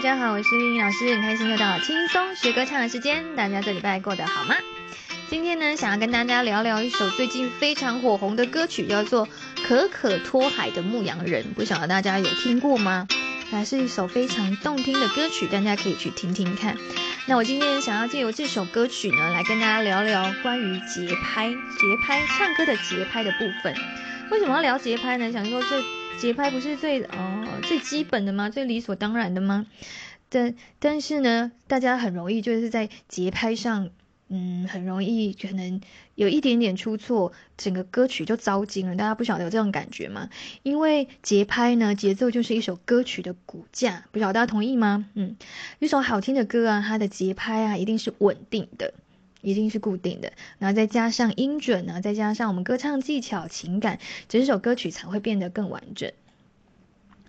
大家好，我是麗穎老師，很開心又到了輕鬆學歌唱的時間。大家這禮拜過得好嗎？今天呢，想要跟大家聊聊一首最近非常火紅的歌曲，叫做《可可托海的牧羊人》。不曉得大家有聽過嗎？還是一首非常動聽的歌曲，大家可以去聽聽看。那我今天想要借由這首歌曲呢，來跟大家聊聊關於節拍、節拍唱歌的節拍的部分。為什麼要聊節拍呢？想說這。節拍不是最哦最基本的嗎？最理所當然的嗎？但但是呢，大家很容易就是在節拍上，嗯，很容易可能有一點點出錯，整個歌曲就糟經了。大家不曉得有這種感覺嗎？因為節拍呢，節奏就是一首歌曲的骨架，不曉得大家同意嗎？嗯，一首好聽的歌啊，它的節拍啊，一定是穩定的。一定是固定的，然後再加上音準呢，然後再加上我們歌唱技巧、情感，整首歌曲才會變得更完整。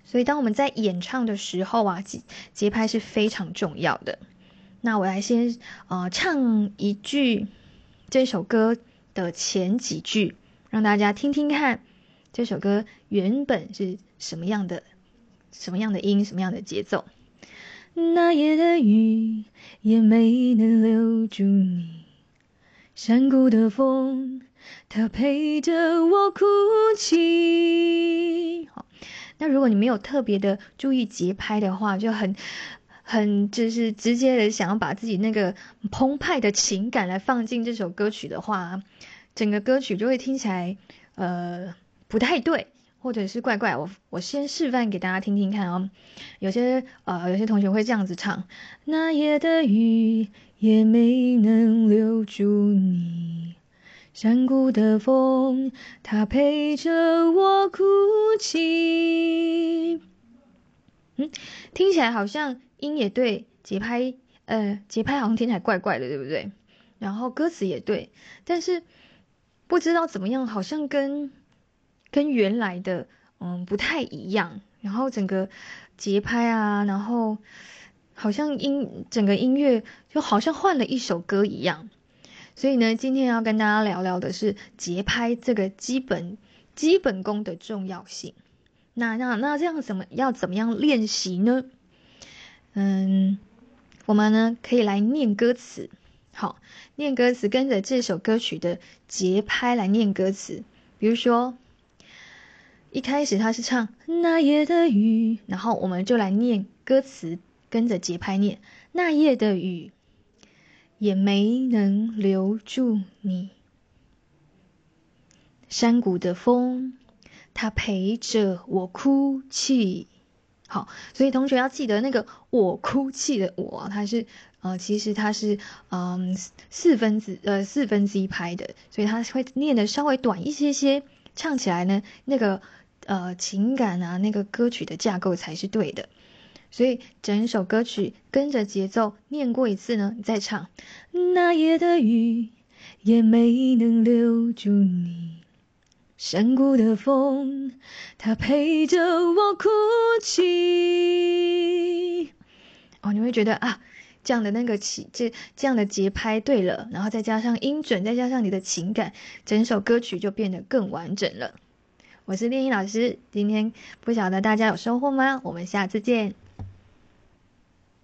所以，當我們在演唱的時候啊，節節拍是非常重要的。那我來先啊、呃、唱一句這首歌的前幾句，讓大家聽聽看這首歌原本是什麼樣的、什麼樣的音、什麼樣的節奏。那夜的雨也沒能留住你。山谷的風，它陪着我哭泣。好，那如果你沒有特別的注意節拍的話，就很很就是直接的想要把自己那個澎湃的情感來放進這首歌曲的話，整個歌曲就會聽起來呃不太對。或者是怪怪，我我先示範給大家聽聽看哦。有些呃，有些同學會這樣子唱：那夜的雨也沒能留住你，山谷的風它陪着我哭泣。嗯，聽起來好像音也對，節拍呃節拍好像聽起來怪怪的，對不對？然後歌詞也對，但是不知道怎麼樣，好像跟。跟原來的嗯不太一樣，然後整個節拍啊,然後好像音整個音樂就好像換了一首歌一樣。所以呢,今天要跟大家聊聊的是節拍這個基本基本功的重要性。那那那這樣怎麼要怎麼樣練習呢？嗯,我們呢可以來念歌詞，好,念歌詞，跟着這首歌曲的節拍來念歌詞，比如說，一開始他是唱那夜的雨，然後我們就來念歌詞，跟着節拍念。那夜的雨也沒能留住你，山谷的風，它陪着我哭泣。好，所以同學要記得那個我哭泣的我，它是呃其實它是嗯、呃、四分之呃四分之一拍的，所以它會念得稍微短一些些，唱起來呢那個。呃，情感啊，那個歌曲的架構才是對的，所以整首歌曲跟着節奏念過一次呢，你再唱。那夜的雨也沒能留住你，山谷的風它陪着我哭泣。哦，你會覺得啊，這樣的那個起這這樣的節拍對了，然後再加上音準，再加上你的情感，整首歌曲就變得更完整了。我是麗音老師，今天不曉得大家有收穫嗎？我們下次見。